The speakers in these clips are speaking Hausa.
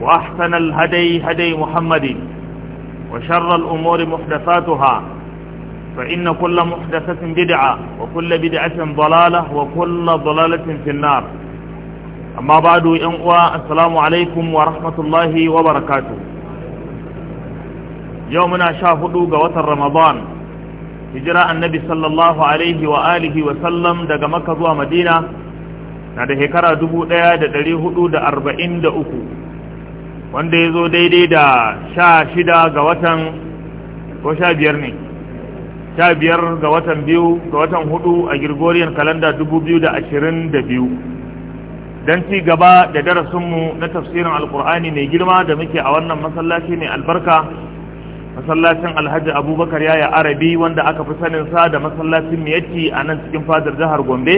وأحسن الهدي هدي محمد وشر الأمور محدثاتها فإن كل محدثة بدعة وكل بدعة ضلالة وكل ضلالة في النار أما بعد ينقوى السلام عليكم ورحمة الله وبركاته يومنا شاهدوا قوة رمضان هجراء النبي صلى الله عليه وآله وسلم دق مكة ومدينة na da shekara uku. wanda ya zo daidai da sha shida ga watan ko sha biyar ne sha biyar ga watan biyu ga watan hudu a girgoriyar kalanda dubu biyu da ashirin da biyu don ci gaba da darasinmu na tafsirin alkur'ani mai girma da muke a wannan masallaci mai albarka masallacin alhaji abubakar yaya arabi wanda aka fi saninsa da masallacin miyatti a nan cikin fadar jihar gombe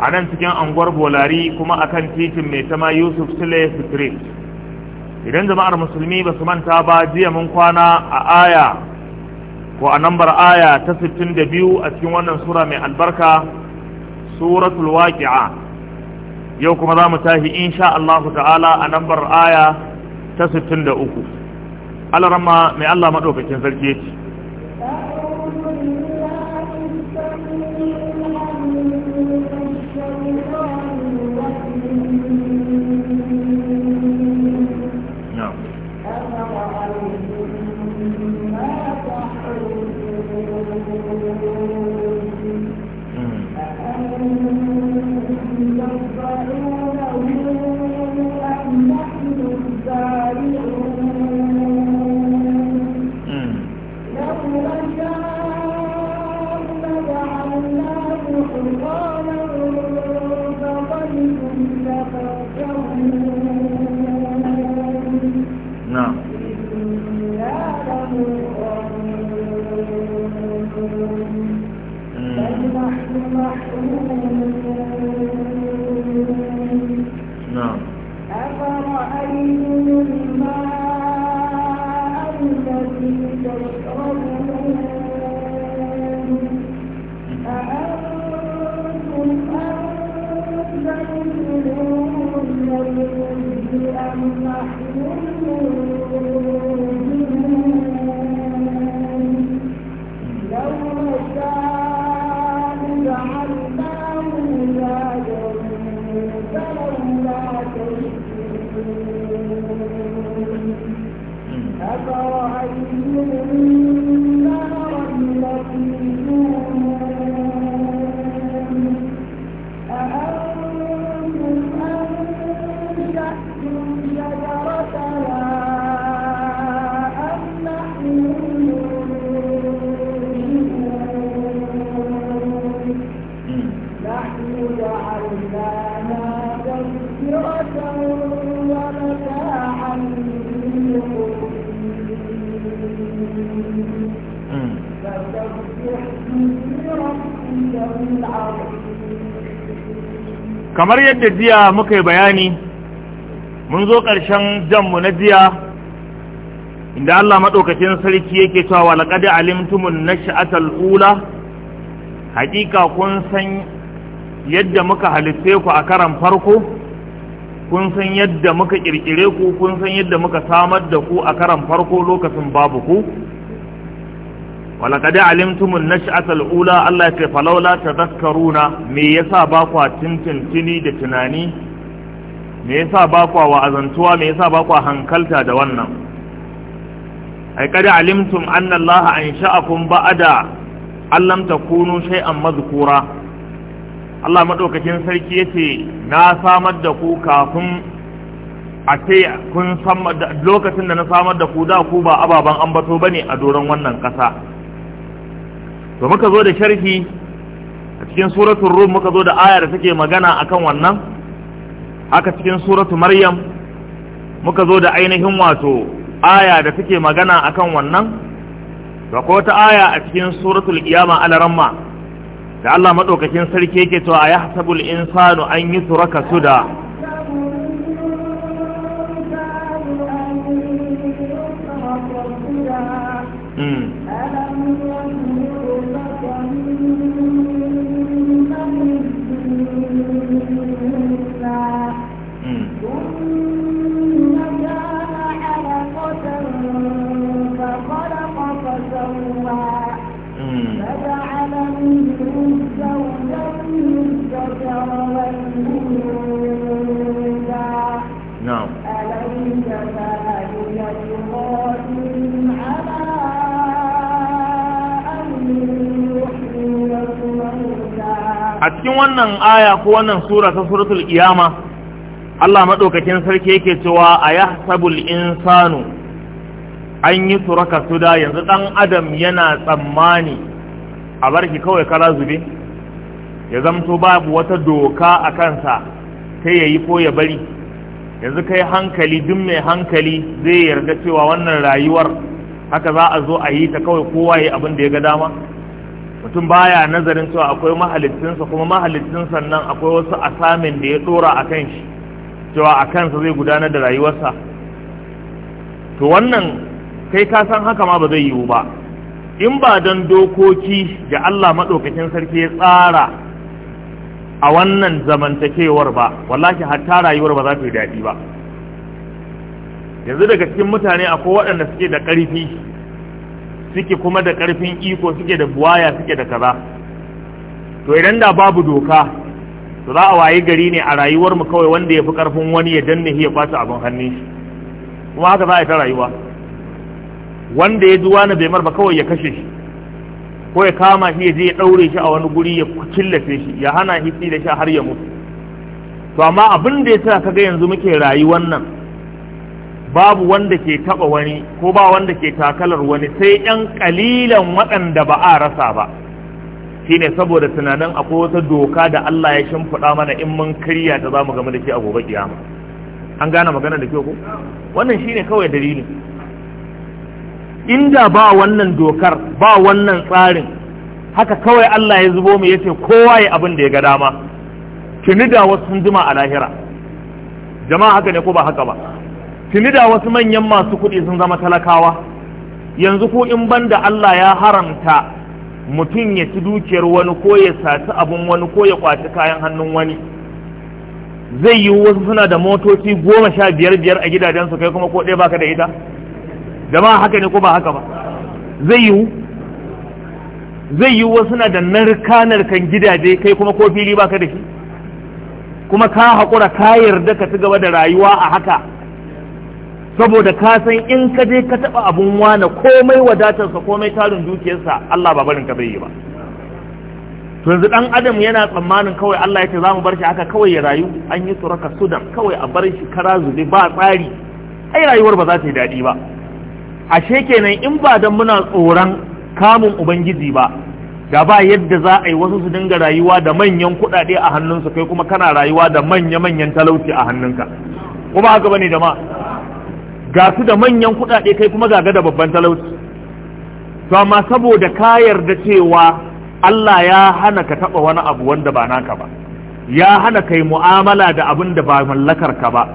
a nan cikin anguwar bolari kuma akan titin mai tama yusuf sule street idan jama'ar musulmi ba su manta ba jiya mun kwana a aya ko a nambar aya ta 62 a cikin wannan sura mai albarka suratul waqi'a yau kuma za mu tashi insha Allah ta'ala a nambar aya ta 63 alarma mai Allah madaukakin sarki yake kamar yadda jiya muka yi bayani mun zo ƙarshen janmu na jiya inda Allah maɗaukacin sarki yake cewa wa laqad alimtumun sha'atar ula haƙiƙa kun san yadda muka halitte ku a karan farko kun san yadda muka ƙirƙire ku kun san yadda muka samar da ku a karan farko lokacin babu ku wa laqad alimtumun nash'atal ula Allah ya ce falawla tadhakkaruna me yasa ba ku tintintini da tunani me yasa ba kwa wa'azantuwa me yasa ba kwa hankalta da wannan ai kada alimtum anna Allah ansha'akum ba'ada allam takunu shay'an mazkura Allah madaukakin sarki yace na samar da ku kafin a ce kun san lokacin da na samar da ku da ku ba ababan ambato bane a doron wannan kasa to muka zo da sharhi a cikin suratul rum muka zo da aya da take magana akan wannan haka cikin suratu maryam muka zo da ainihin wato aya da take magana akan wannan da ko ta aya a cikin suratul qiyama al-ramma da Allah madaukakin sarki yake ayah sabul insanu an yi raka suda mm a cikin wannan aya ko wannan sura ta suratul iyama, Allah madaukakin sarki yake cewa a ayahsabul insanu an yi suraka suda yanzu dan adam yana tsammani a barki kawai karazube zube ya zamto babu wata doka a kansa ta yayi ko ya bari yanzu kai hankali duk mai hankali zai yarda cewa wannan rayuwar haka za a zo a yi ta kawai kowa ya abin da ya ga dama mutum baya nazarin cewa akwai mahalittinsa kuma mahalittinsa nan akwai wasu asamin da ya dora a kan shi cewa a kansa zai gudanar da rayuwarsa to wannan kai ka san haka ma ba zai yiwu ba in ba don dokoki da Allah maɗaukakin sarki ya tsara a wannan zamantakewar ba wallahi hatta rayuwar ba za ta yi daɗi ba yanzu daga cikin mutane akwai waɗanda suke da ƙarfi suke kuma da ƙarfin iko suke da buwaya suke da kaza to idan da babu doka to za a wayi gari ne a rayuwar mu kawai wanda ya fi ƙarfin wani ya danne ya fasa abin hannu. shi kuma haka za a yi ta rayuwa wanda ya ji wani bai marba kawai ya kashe shi ko ya kama shi ya je ya ɗaure shi a wani guri ya killace shi ya hana shi da shi har ya mutu to amma abin da ya sa kaga yanzu muke rayuwar nan babu wanda ke taba wani ko ba wanda ke takalar wani sai yan kalilan waɗanda ba a rasa ba shine saboda tunanin akwai wata doka da Allah ya shimfiɗa mana in mun karya ta zamu game da shi a gobe kiyama an gane magana da kyau ko wannan shine kawai dalili inda ba wannan dokar ba wannan tsarin haka kawai Allah ya zubo mu yace kowa ya abin da ya ga dama tuni da wasu sun jima a lahira jama'a haka ne ko ba haka ba tuni da wasu manyan masu kuɗi sun zama talakawa yanzu ko in banda Allah ya haramta mutum ya ci dukiyar wani ko ya saci abin wani ko ya kwaci kayan hannun wani zai yi wasu suna da motoci goma sha biyar biyar a gidajensu kai kuma ko ɗaya baka da ita jama'a haka ne ko ba haka ba zai yi zai yi wasu suna da narka narkan gidaje kai kuma ko fili baka da shi kuma ka haƙura ka yarda ka ci gaba da rayuwa a haka saboda ka san in ka je ka taba abun wane komai wadatarsa komai tarin dukiyarsa Allah ba barin ka bai yi ba to yanzu dan adam yana tsammanin kawai Allah ya ce za mu bar shi haka kawai ya rayu an yi suraka sudan kawai a bar shi kara zube ba tsari ai rayuwar ba za ta yi daɗi ba ashe kenan in ba dan muna tsoron kamun ubangiji ba da ba yadda za a yi wasu su dinga rayuwa da manyan kuɗaɗe a hannunsu kai kuma kana rayuwa da manya-manyan talauci a hannunka kuma haka bane jama'a ga su da manyan kuɗaɗe kai kuma gaga da babban talauci to amma saboda ka yarda cewa Allah ya hana ka taɓa wani abu wanda ba naka ba ya hana kai mu'amala da abin da ba mallakar ka ba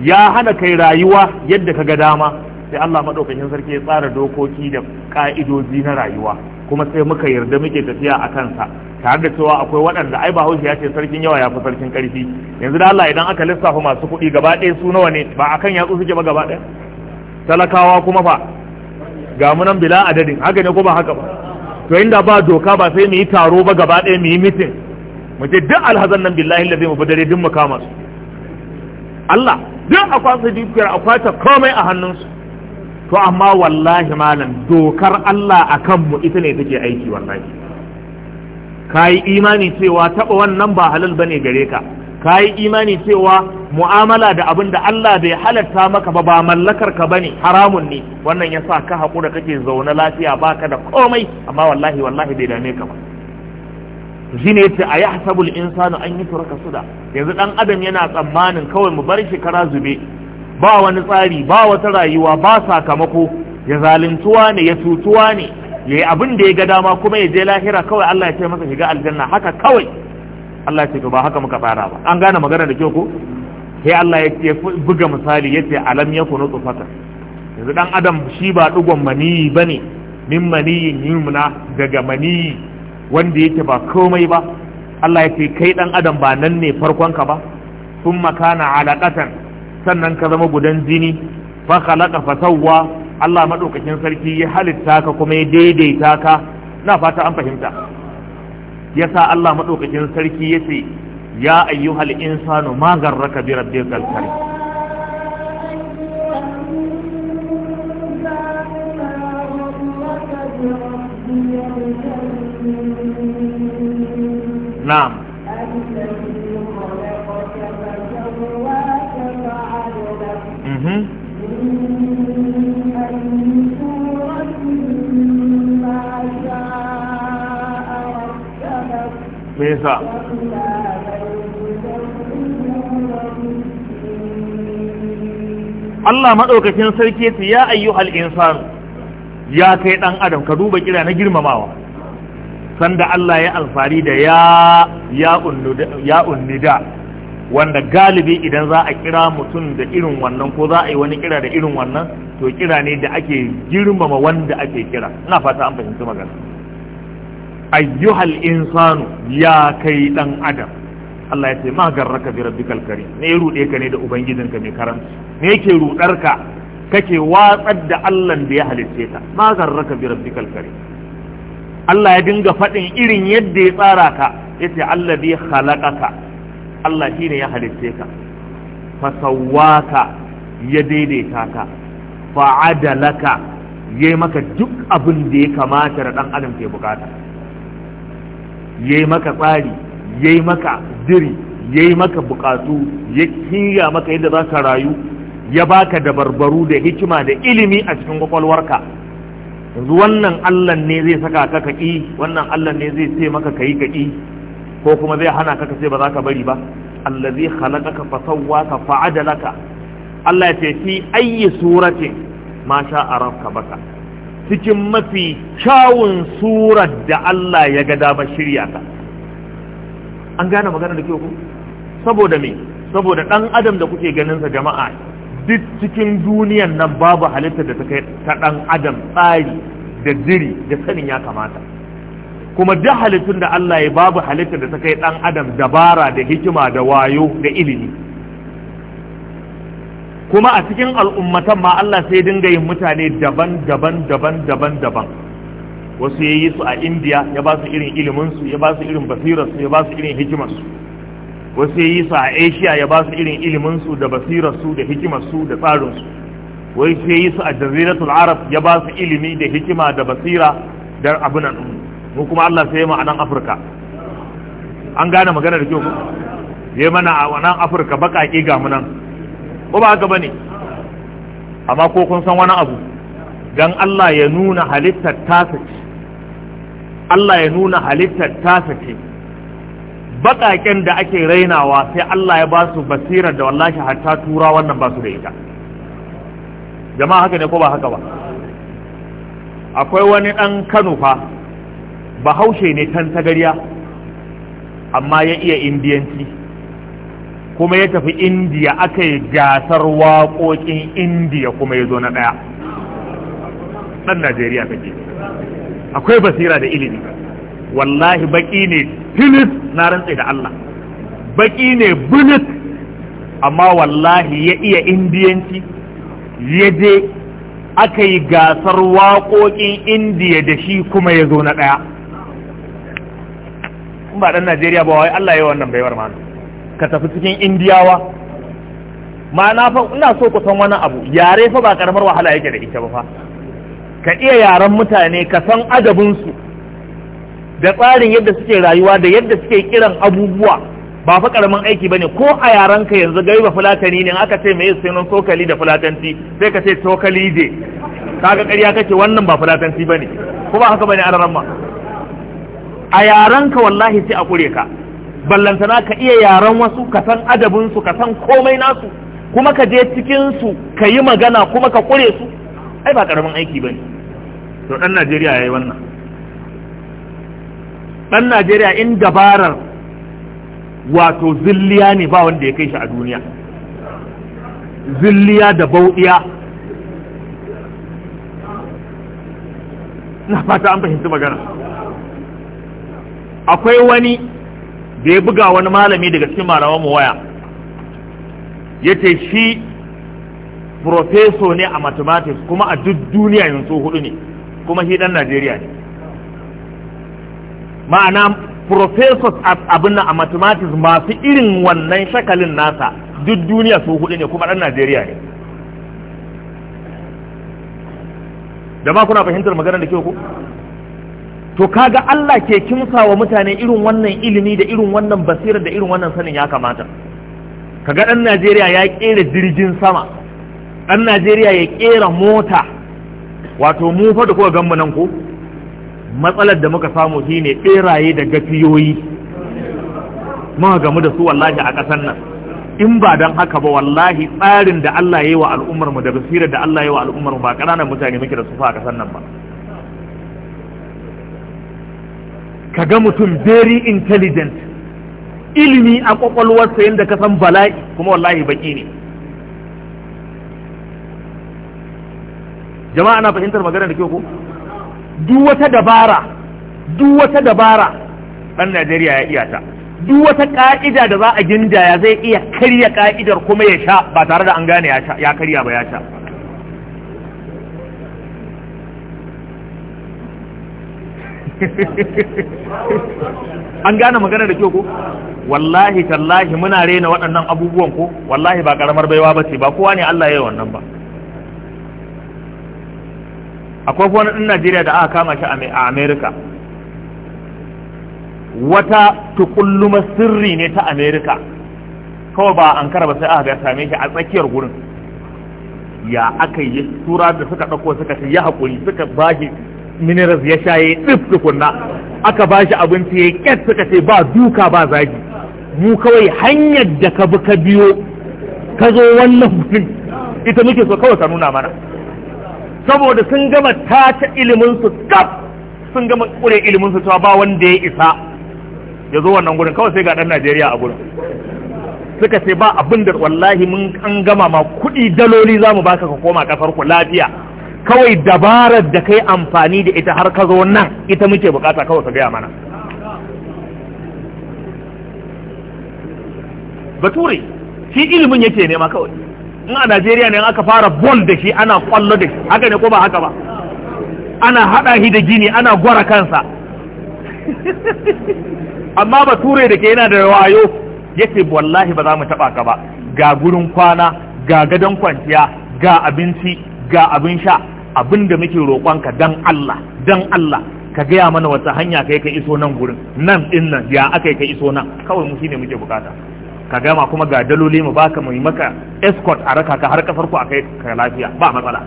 ya hana kai rayuwa yadda ka ga dama sai Allah maɗaukakin sarki ya tsara dokoki da ƙa'idoji na rayuwa kuma sai muka yarda muke tafiya a kansa tare da cewa akwai waɗanda ai hausa ya ce sarkin yawa ya fi sarkin ƙarfi yanzu da Allah idan aka lissafa masu kuɗi gaba ɗaya su nawa ne ba akan yatsu suke ba gaba ɗaya talakawa kuma fa ga mu nan bila adadin haka ne ko ba haka ba to inda ba doka ba sai mu yi taro ba gaba ɗaya mu yi mitin mu ce duk alhazan nan billahi lazi mu dare duk mu kama su Allah duk akwata dukiyar ta komai a hannunsu to amma wallahi malam dokar Allah a kanmu ita ne take aiki wallahi ka yi imani cewa taɓa wannan ba halal ba ne gare ka ka yi imani cewa mu'amala da abin da Allah bai halatta maka ba ba mallakar ka bane haramun ne wannan yasa ka haƙura kake zaune lafiya baka da komai amma wallahi wallahi bai dame ka ba zine ta a yahsabul insanu an turaka suda yanzu ɗan adam yana tsammanin kawai mu bar shekara zube ba wani tsari ba wata rayuwa ba sakamako ya zalintuwa ne ya cutuwa ne yayi yi abin da ya ga dama kuma ya je lahira kawai Allah ya ce masa shiga aljanna haka kawai Allah ya ce to ba haka muka tsara ba an gane magana da kyau ko sai Allah ya ce buga misali ya ce alam yakunu tsufata yanzu dan adam shi ba digon maniyi bane min maniyin yumna daga maniyi wanda yake ba komai ba Allah ya ce kai dan adam ba nan ne farkon ka ba sun makana alaƙatan sannan ka zama gudan jini fa khalaqa fa sawwa Allah madaukakin sarki ya halitta ka kuma ya daidaita ka na fata an fahimta yasa Allah madaukakin sarki yace ya ayyuhal insanu ma garraka bi rabbikal karim na'am Mm-hmm. me yasa Allah maɗaukakin sarki ce ya ayyu al’insan ya kai ɗan adam ka duba kira na girmamawa sanda Allah ya alfari da ya unni da. wanda galibi idan za a kira mutum da irin wannan ko za a yi wani kira da irin wannan to kira ne da ake girmama wanda ake kira ina fata an fahimci magana ayyuhal insanu ya kai dan adam Allah ya ce ma garraka bi rabbikal karim ne ya rude ka ne da ubangijinka mai karanci ne yake rudar ka kake watsar da Allah da ya halicce ka ma garraka bi rabbikal karim Allah ya dinga faɗin irin yadda ya tsara ka yace allazi khalaqaka Allah shi ne ya halitte ka fasawaka ya daidaita ka fa'adalaka ya yi maka duk abin da ya kamata da ɗan adam ke bukata ya yi maka tsari ya yi maka diri ya yi maka bukatu ya kiyaya maka yadda za ka rayu ya baka dabarbaru da hikima da ilimi a cikin kwakwalwarka yanzu wannan allah ne zai saka ka kaƙi wannan allah ne zai sai maka ka yi kaƙi ko kuma zai hana ka kace ba za ka bari ba allazi khalaqaka fa sawwaka fa adalaka Allah ya ce fi ayi suratin ma sha arafka baka cikin mafi kyawun surar da Allah ya ga dama shirya ka an gane magana da kyau ku saboda me saboda dan adam da kuke ganin sa jama'a duk cikin duniyan nan babu halitta da ta kai ta dan adam tsari da jiri da sanin ya kamata kuma duk halittun da Allah ya babu halittar da ta kai dan adam dabara da hikima da wayo da ilimi kuma a cikin al'ummatan ma Allah sai dinga yin mutane daban-daban daban-daban daban wasu ya yi su a indiya ya ba su irin iliminsu ya ba su irin basirarsu ya ba su irin hikimarsu wasu ya yi su a asia ya ba su irin iliminsu da basirarsu da hikimarsu da tsarinsu wasu ya yi su a jaziratul arab ya ba su ilimi da hikima da basira da abunan mu kuma Allah sai ya ma'anan Afirka an gane magana da kyau Ya mana a nan Afirka bakaki ga mu nan ko ba haka bane amma ko kun san wani abu dan Allah ya nuna halittar tasa ce Allah ya nuna halittar tasa ce baƙaƙen da ake rainawa sai Allah ya ba su basirar da wallahi hatta tura wannan ba su da ita jama'a haka ne ko ba haka ba akwai wani ɗan kano fa bahaushe ne tan tagariya amma ya iya indiyanci kuma ya tafi indiya aka yi gasar waƙoƙin indiya kuma ya zo na ɗaya ɗan najeriya take akwai basira da ilimi wallahi baƙi ne tilis na rantse da allah baƙi ne bulis amma wallahi ya iya indiyanci ya je aka yi gasar waƙoƙin indiya da shi kuma ya zo na ɗaya in ba dan Najeriya ba wai Allah ya yi wannan baiwar ma ka tafi cikin Indiyawa ma na fa ina so ku san wani abu yare fa ba karamar wahala yake da ita ba fa ka iya yaren mutane ka san adabin su da tsarin yadda suke rayuwa da yadda suke kiran abubuwa ba fa karamin aiki bane ko a yaran ka yanzu ba fulatani ne aka ce me yasa nan tokali da fulatanci sai ka ce tokali je kaga ƙarya kake wannan ba fulatanci bane ko ba haka bane a a yarenka wallahi sai a kure ka ballantana ka iya yaren wasu ka san adabinsu ka san komai nasu kuma ka je cikinsu ka yi magana kuma ka kure su ai ba karamin aiki ba ne to ɗan najeriya ya yi wannan ɗan najeriya in dabarar wato zilliya ne ba wanda ya kai shi a duniya zilliya da bauɗiya na fata an fahimci magana akwai wani da ya buga wani malami daga cikin malaman mu waya yace shi professor ne a mathematics kuma a duk duniya yanzu hudu ne kuma shi dan Najeriya ne ma'ana professors abin a mathematics masu irin wannan shakalin nasa duk duniya su hudu ne kuma dan Najeriya ne da ma kuna fahimtar maganar da ke ku to kaga Allah ke kimsa wa mutane irin wannan ilimi da irin wannan basirar da irin wannan sanin ya kamata kaga ɗan Najeriya ya kera jirgin sama ɗan Najeriya ya kera mota wato mu fa da gan ganmu nan ko matsalar da muka samu shine beraye da gafiyoyi muka gamu da su wallahi a ƙasar nan in ba don haka ba wallahi tsarin da Allah ya yi wa al'ummar mu da basirar da Allah ya yi wa al'ummar mu ba ƙananan mutane muke da su fa a kasar nan ba ka ga mutum very intelligent ilimi a kwakwalwarsa yadda ka san bala'i kuma wallahi baki ne jama'a na fahimtar magana da ke ko duk wata dabara duk wata dabara ɗan najeriya ya iya ta duk wata ka'ida da za a gindaya zai iya karya ka'idar kuma ya sha ba tare da an gane ya karya ba ya sha an gane magana da kyau ko wallahi tallahi muna rena waɗannan abubuwan ko wallahi ba karamar baiwa ba ce ba kowa ne Allah ya yi wannan ba akwai wani ɗin Najeriya da aka kama shi a Amerika wata tukulluma sirri ne ta Amerika kawai ba an ba sai aka same shi a tsakiyar gurin ya aka yi tura da suka ɗauko suka ce ya haƙuri suka bashi minerals ya shaye duk tukunna aka ba shi abinci ya ƙyar suka ce ba duka ba zagi mu kawai hanyar da ka bi ka biyo ka zo wannan mutum ita muke so kawai ka nuna mana saboda sun gama tace iliminsu kaf sun gama kure iliminsu cewa ba wanda ya isa ya zo wannan gurin kawai sai ga dan najeriya a gurin suka ce ba abin da wallahi mun an gama ma kuɗi daloli zamu baka ka koma kasar ku lafiya kawai dabarar da kai amfani da ita har ka zo nan ita muke bukata kawai ka gaya mana bature shi ilimin yake nema kawai in a najeriya ne aka fara bol da shi ana kwallo da shi haka ne ko ba haka ba ana hada shi da gini ana gwara kansa amma bature da ke yana da wayo yace wallahi ba za mu taba ka ba ga gurin kwana ga gadon kwanciya ga abinci ga abin sha Abin da muke roƙonka dan Allah dan Allah ka gaya mana wata hanya kai ka iso nan gurin nan din nan ya aka ka iso nan kawai mu shine muke bukata ka gama kuma ga daloli mu baka mu maka escort a raka ka har kafar ku akai ka lafiya ba matsala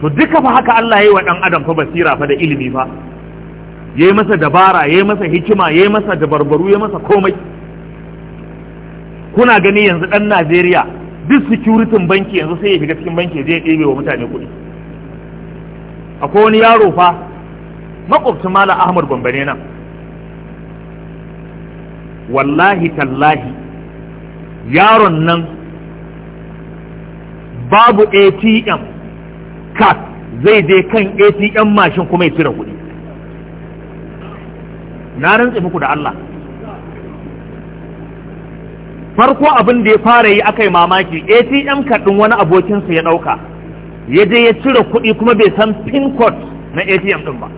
to duka fa haka Allah yayi wa dan adam fa basira fa da ilimi fa yayi masa dabara yayi masa hikima yayi masa dabarbaru yayi masa komai kuna gani yanzu dan Najeriya duk securitin banki yanzu sai ya shiga cikin banki zai ɗebe wa mutane kuɗi akwai wani yaro fa makwabcin mala ahmad bambane nan wallahi tallahi yaron nan babu atm card zai je kan atm mashin kuma ya cire kuɗi na rantsa muku da allah farko abin da ya fara yi aka yi mamaki atm kaɗin wani abokinsa ya ɗauka ya je ya cire kuɗi kuma bai san pin code na atm ɗin ba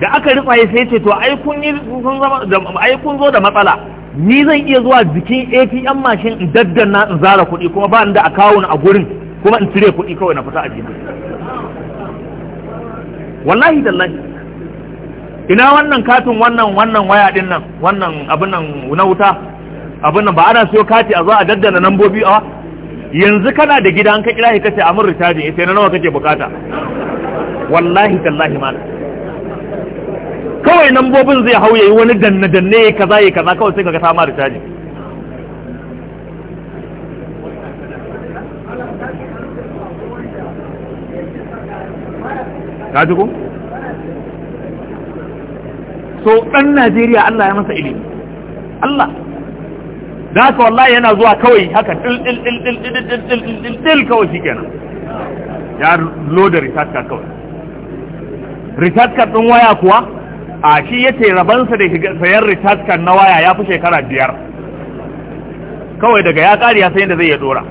da aka rufa ya sai ce to ai kun zo da matsala ni zan iya zuwa jikin atm mashin in daddana in zara kuɗi kuma ba da a a gurin kuma in cire kuɗi kawai na fita a jina wallahi dallahi ina wannan katin wannan wannan waya din nan wannan abin nan na wuta abin nan ba ana siyo kati a zo a daddana nambobi a yanzu kana da gida an ka kira shi kace amur recharging sai na nawa kake bukata wallahi tallahi ma kawai nambobin zai hau yayi wani danne danne yayi kaza yi kaza kawai sai kaga ta ma recharging ka ji ko so ɗan Najeriya Allah ya masa ilimi Allah da haka wallahi yana zuwa kawai haka ɗil kawai shi kenan ya loda recharge card kawai recharge card ɗin waya kuwa a shi ya ce rabansa da sayan recharge card na waya ya fi shekara biyar kawai daga ya ƙari ya sayan da zai ya dora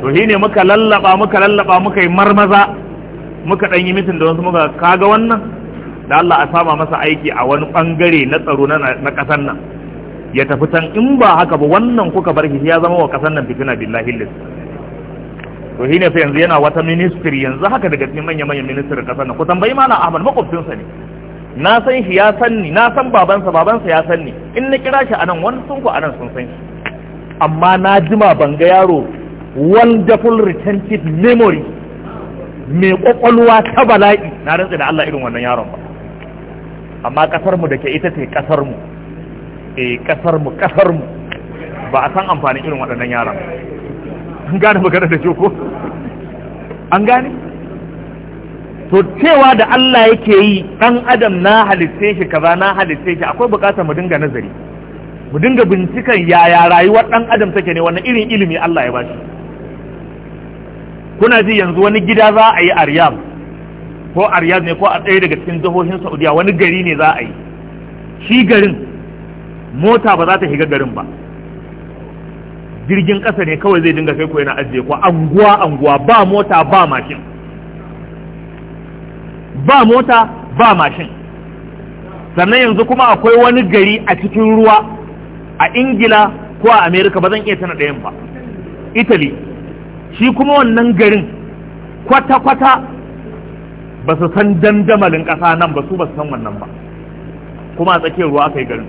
to shi ne muka lallaba muka lallaba muka yi marmaza muka ɗan yi mitin da wasu muka kaga wannan da Allah a sama masa aiki a wani ɓangare na tsaro na ƙasar nan ya tafi can in ba haka ba wannan kuka bar shi ya zama wa ƙasar nan fitina billahi lis to shine sai yanzu yana wata ministry yanzu haka daga cikin manyan manyan ministry ƙasar nan ku tambayi mana Ahmad makwabcinsa ne na san shi ya san ni na san babansa babansa ya san ni in na kira shi anan wani sun ku anan sun san shi amma na jima ban ga yaro wonderful retentive memory mai kwakwalwa ta bala'i na rantsa da Allah irin wannan yaron ba amma kasar mu ke, ita ce kasar mu eh kasar mu kasar mu ba a san amfani irin waɗannan yaron. an gane magana da ko an gane to cewa da Allah yake yi dan adam na halitta shi kaza na halitta shi akwai bukatar mu dinga nazari mu dinga bincikan yaya rayuwar dan adam take ne wannan irin ilimi Allah ya bashi kuna ji yanzu wani gida za a yi a riyadh ko a riyadh ne ko a tsaye daga cikin jihohin saudiya wani gari ne za a yi shi garin mota ba za ta shiga garin ba jirgin ƙasa ne kawai zai dinga kai ko yana ajiye ko anguwa anguwa ba mota ba mashin ba mota ba mashin sannan yanzu kuma akwai wani gari a cikin ruwa a ingila ko a amerika ba zan iya tana ɗayan ba italy shi kuma wannan garin kwata-kwata ba su san dandamalin ƙasa nan ba su ba su san wannan ba kuma a tsakiyar ruwa aka yi garin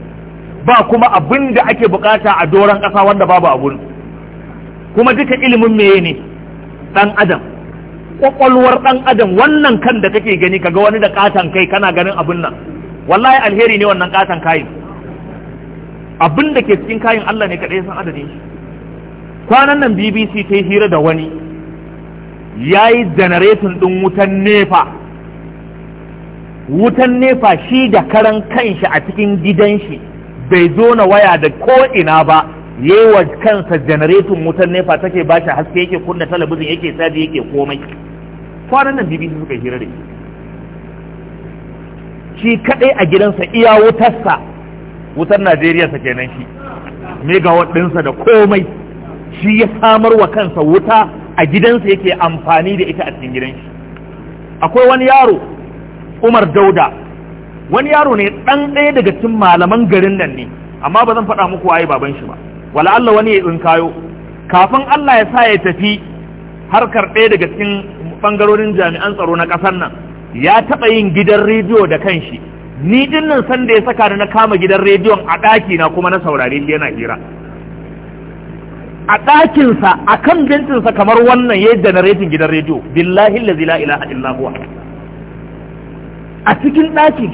ba kuma abin da ake bukata a doron ƙasa wanda babu abun. kuma duka ilimin meye ne ɗan adam ƙwaƙwalwar ɗan adam wannan kan da kake gani kaga wani da ƙaton kai kana ganin abin nan wallahi alheri ne wannan ƙaton kayan. abin da ke cikin kayan Allah ne kaɗai san adadin shi kwanan nan bbc ta hira da wani ya yi janaretin ɗin wutan nefa wutan nefa shi da karan kanshi a cikin gidan shi bai zo na waya da ko'ina ba yewa kansa janaretin wutan nefa take ba shi haske yake kunna talabijin yake sadi yake komai kwanan nan bbc suka hira da shi kadai a gidansa iya wutarsa wutar najeriya sa kenan shi megawatt ɗinsa da komai shi ya samar wa kansa wuta a gidansa yake amfani da ita a cikin gidan akwai wani yaro umar dauda wani yaro ne ɗan ɗaya daga cikin malaman garin nan ne amma ba zan faɗa muku waye baban shi ba wala Allah wani ya tsinkayo kafin Allah ya sa ya tafi harkar ɗaya daga cikin bangarorin jami'an tsaro na ƙasar nan ya taɓa yin gidan rediyo da kanshi ni dinnan da ya saka ni na kama gidan rediyon a ɗaki na kuma na saurare shi yana hira a ɗakinsa a kan bentinsa kamar wannan ya yi janaretin gidan rediyo billahi la ilaha illahuwa a cikin ɗakin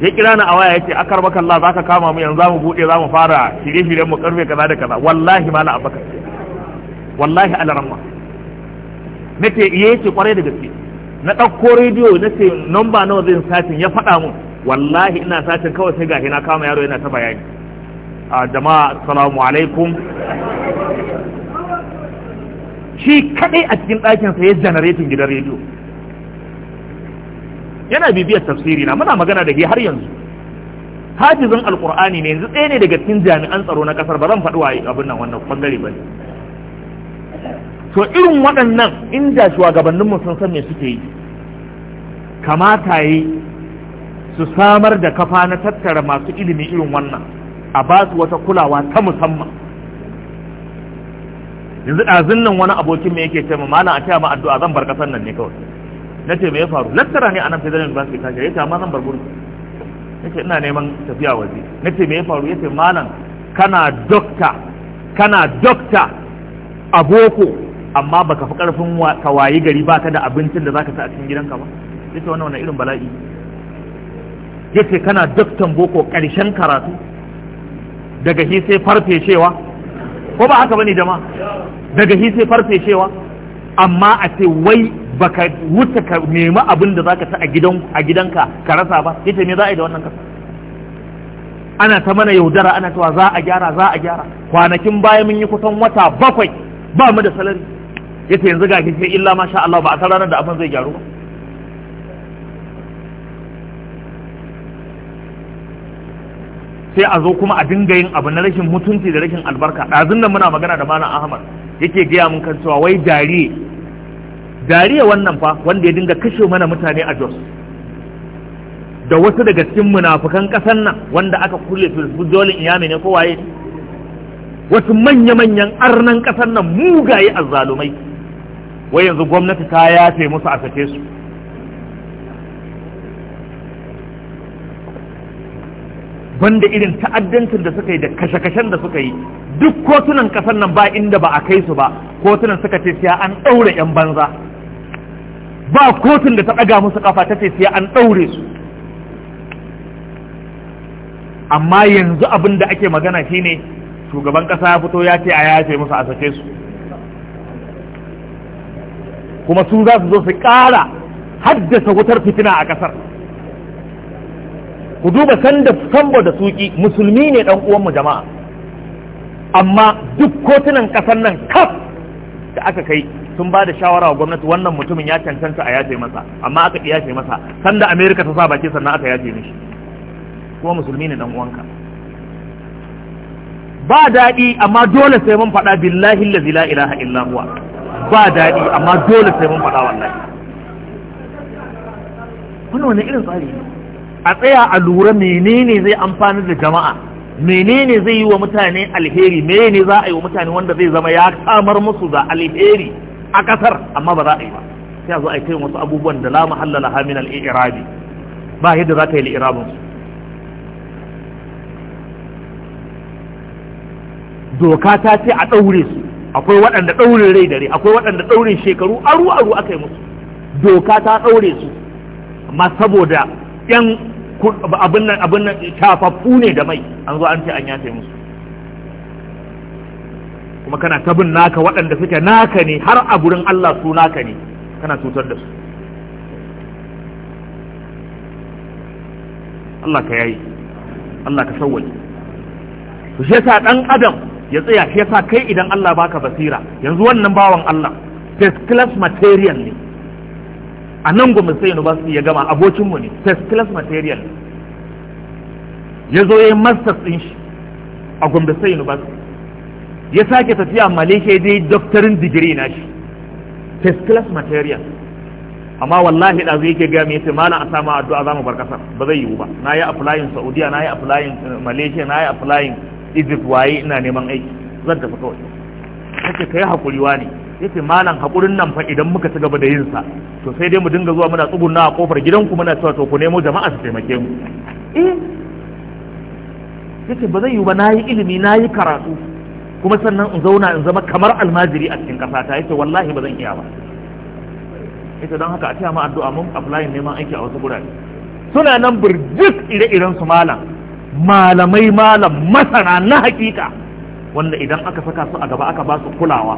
ya kira ni a waya ya ce a baka Allah za ka kama mu yanzu za mu buɗe za mu fara shirye-shiryen mu karfe kaza da kaza wallahi ma mala abakar wallahi alaramma na ce iya yake kwarai da gaske na ɗauko rediyo na ce nomba nawa zai satin ya faɗa mun wallahi ina satin kawai sai gashi na kama yaro yana ta bayani a ah, jama'a assalamu alaikum shi kadai a cikin ɗakinsa ya janaretin gidan rediyo yana bibiyar tafsiri na muna magana da har yanzu hajjizin alkur'ani ne yanzu tsaye ne daga cikin jami'an tsaro na kasar ba zan faɗi wa abin nan wannan bangare ba to irin waɗannan in inda shugabanninmu sun san me suke yi kamata yi su samar da kafa na tattara masu ilimi irin wannan a ba su wata kulawa ta musamman yanzu ɗazin nan wani abokin mai yake cewa ma malam a cewa ma addu'a zan bar ƙasar nan ne kawai na ce me ya faru lattara ne a nan federal university kashi ya ce amma zan bar gurin ya ce ina neman tafiya waje na ce me ya faru ya ce malam kana dokta kana dokta a boko amma baka fi karfin ka wayi gari baka da abincin da zaka ci a cikin gidanka ba yace wannan wani irin bala'i yace kana doktan boko karshen karatu daga shi sai farfeshewa ko ba haka bane jama'a daga shi sai farfeshewa amma a ce wai baka wuce ka nemi abin da zaka ta a gidan a gidanka ka rasa ba yace me za a yi da wannan kasa ana ta mana yaudara ana cewa za a gyara za a gyara kwanakin baya mun yi kusan wata bakwai ba mu da salari yace yanzu ga kike illa masha Allah ba a san ranar da abin zai gyaru ba sai a zo kuma a dinga yin abu na rashin mutunci da rashin albarka ɗazun nan muna magana da malam ahmad yake gaya mun kan cewa wai dariye dariye wannan fa wanda ya dinga kashe mana mutane a jos da wasu daga cikin munafukan ƙasar nan wanda aka kulle su in iyami ne waye wasu manya-manyan arnan ƙasar nan mugaye azzalumai wai yanzu gwamnati ta yafe musu a sake su banda irin ta'addancin da suka yi da kashe-kashen da suka yi duk kotunan kasar nan ba inda ba a kai su ba kotunan suka ce siya an ɗaure 'yan banza ba kotun da ta ɗaga musu kafa ta ce siya an ɗaure su amma yanzu abin da ake magana shine shugaban ƙasa ya fito ya ce a yafe musu a sake su kuma su za su zo su ƙara haddasa wutar fitina a ƙasar ku duba sanda sambo da suki musulmi ne dan mu jama'a amma duk kotunan kasar nan kaf da aka kai sun ba da shawara wa gwamnati wannan mutumin ya cancanta a yace masa amma aka yace masa sanda amerika ta sa baki sannan aka yace mishi kuma musulmi ne dan uwanka ba daɗi amma dole sai mun faɗa billahi allazi la ilaha illa huwa ba daɗi amma dole sai mun faɗa wallahi wannan wani irin tsari ne a tsaya a lura menene zai amfani da jama'a menene zai yi wa mutane alheri menene za a yi wa mutane wanda zai zama ya kamar musu da alheri a kasar amma ba za a yi ba sai a zo a kai wasu abubuwan da la halala hamin al-i'rabi ba yadda za ka yi li'irabin su doka ta ce a ɗaure su akwai waɗanda ɗaurin rai dare akwai waɗanda ɗaurin shekaru aru aru aka yi musu doka ta ɗaure su amma saboda 'yan abin nan abin nan tafaffu ne da mai an zo an ce an yafe musu kuma kana tabin naka waɗanda suke naka ne har a gurin Allah su naka ne kana cutar da su Allah ka yayi Allah ka sawwaje to shi yasa dan adam ya tsaya shi yasa kai idan Allah baka basira yanzu wannan bawan Allah first class material ne a nan gwamnati sai university ya gama abokinmu ne first class material ya zo ya yi masters ɗin shi a gwamnati sai university ya sake tafiya malaysia yi doctorin digiri na shi first class material amma wallahi da zai yake mai yace malam a samu addu'a za mu bar kasar ba zai yiwu ba na yi applying saudiya na yi applying eh, malaysia na yi applying egypt waye ina neman aiki zan tafi kawai kace kai hakuri wani yace malam hakurin nan fa idan muka ci gaba da yin sa to sai dai mu dinga zuwa muna tsugunna a kofar gidanku muna cewa to ku nemo jama'a su taimake mu eh yace ba zai yi ba nayi ilimi nayi karatu kuma sannan in zauna in zama kamar almajiri a cikin kasa ta yace wallahi ba zan iya ba yace don haka a cewa ma addu'a mun aflayin neman aiki a wasu gurare suna nan burjik ire-iren su malam malamai malam masana na hakika wanda idan aka saka su a gaba aka ba su kulawa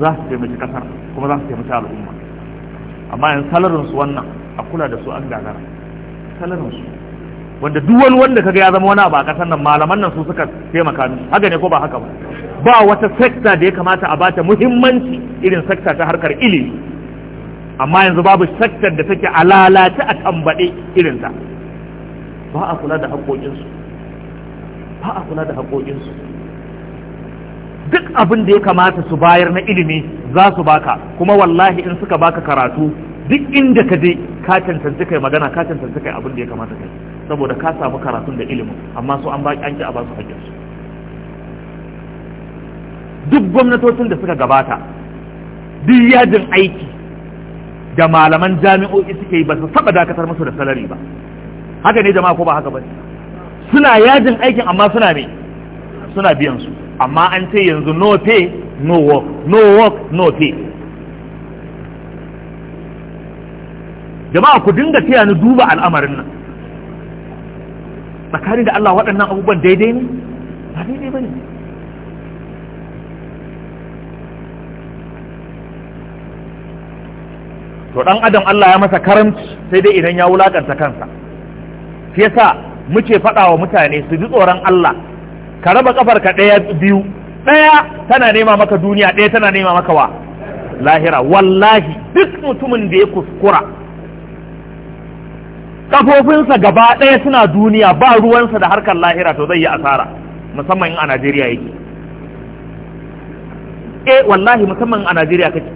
za su taimaki kasar kuma za su taimaki al'umma amma yanzu salarin su wannan a kula da su an gagara salarin su wanda duk wani wanda kaga ya zama wani abu a kasar nan malaman nan su suka taimaka ni haka ne ko ba haka ba ba wata sekta da ya kamata a bata muhimmanci irin sekta ta harkar ilimi amma yanzu babu sektar da take a lalace a tambaɗe irinta ba a kula da haƙoƙinsu ba a kula da haƙoƙinsu duk abin da ya kamata su bayar na ilimi za su baka kuma wallahi in suka baka karatu duk inda ka je ka cancanci kai magana ka cancanci kai abin da ya kamata kai saboda ka samu karatun da ilimi amma su an baki an ki a ba su hakkin su duk gwamnatocin da suka gabata duk yajin aiki da malaman jami'o'i suke yi ba su saba dakatar musu da salari ba haka ne jama'a ko ba haka ba suna yajin aikin amma suna me suna biyan su amma an ce yanzu no pay no work no work no pay jama'a ku dinga taya ni duba al'amarin nan tsakani da Allah waɗannan abubuwan daidai ne ba daidai ba ne to ɗan adam Allah ya masa karamci sai dai idan ya wulaƙanta kansa shi yasa muke faɗa wa mutane su ji tsoron Allah ka raba kafar ka ɗaya biyu ɗaya tana nema maka duniya ɗaya tana nema maka wa lahira wallahi duk mutumin da ya kuskura kafofinsa gaba ɗaya suna duniya ba ruwansa da harkar lahira to zai yi asara musamman a Najeriya yake eh wallahi musamman a Najeriya kake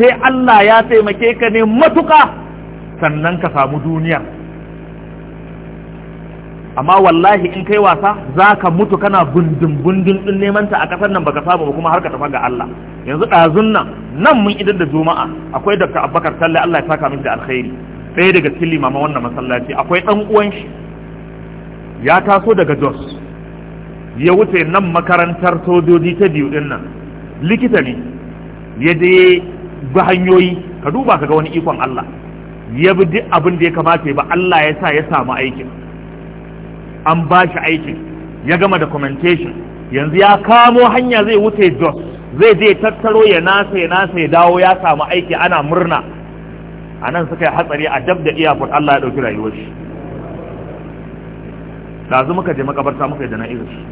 sai Allah ya taimake ka ne matuka sannan ka samu duniya amma wallahi in kai wasa za ka mutu kana gundun gundun din neman ta a kasar nan baka saba kuma har ka tafa ga Allah yanzu ɗazun nan nan mun idan da juma'a akwai dr abubakar talle Allah ya saka min da alkhairi ɗaya daga cikin limaman wannan masallaci akwai ɗan uwan shi ya taso daga jos ya wuce nan makarantar sojoji ta biyu din nan likita ne ya je bi hanyoyi ka duba ka ga wani ikon Allah ya bi duk abin da ya kamata ba Allah ya sa ya samu aikin an ba shi aikin ya gama documentation yanzu ya kamo hanya zai wuce jos zai je tattaro ya nasa ya nasa ya dawo ya samu aiki ana murna a nan suka yi hatsari a dab da iyakun Allah ya ɗauki rayuwar shi ɗazu muka je makabarta muka yi da na'izar shi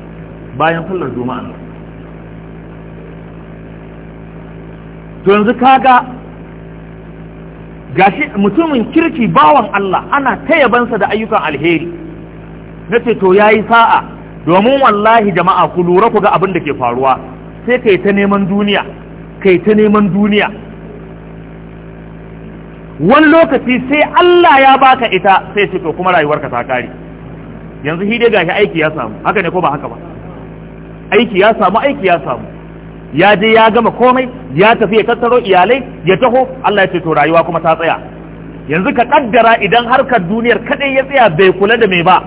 bayan sallar juma'an to yanzu kaga gashi mutumin kirki bawan Allah ana ta yabansa da ayyukan alheri na ce to yayi sa'a domin wallahi jama'a ku lura ku ga abin da ke faruwa sai kai ta neman duniya kai ta neman duniya wani lokaci sai Allah ya baka ita sai ce to kuma rayuwarka ta kare yanzu hide gashi aiki ya samu haka ne ko ba haka ba aiki ya samu aiki ya samu ya je ya gama komai ya tafi ya tattaro iyalai ya taho Allah ya ce to rayuwa kuma ta tsaya yanzu ka kaddara idan harkar duniyar kadai ya tsaya bai kula da mai ba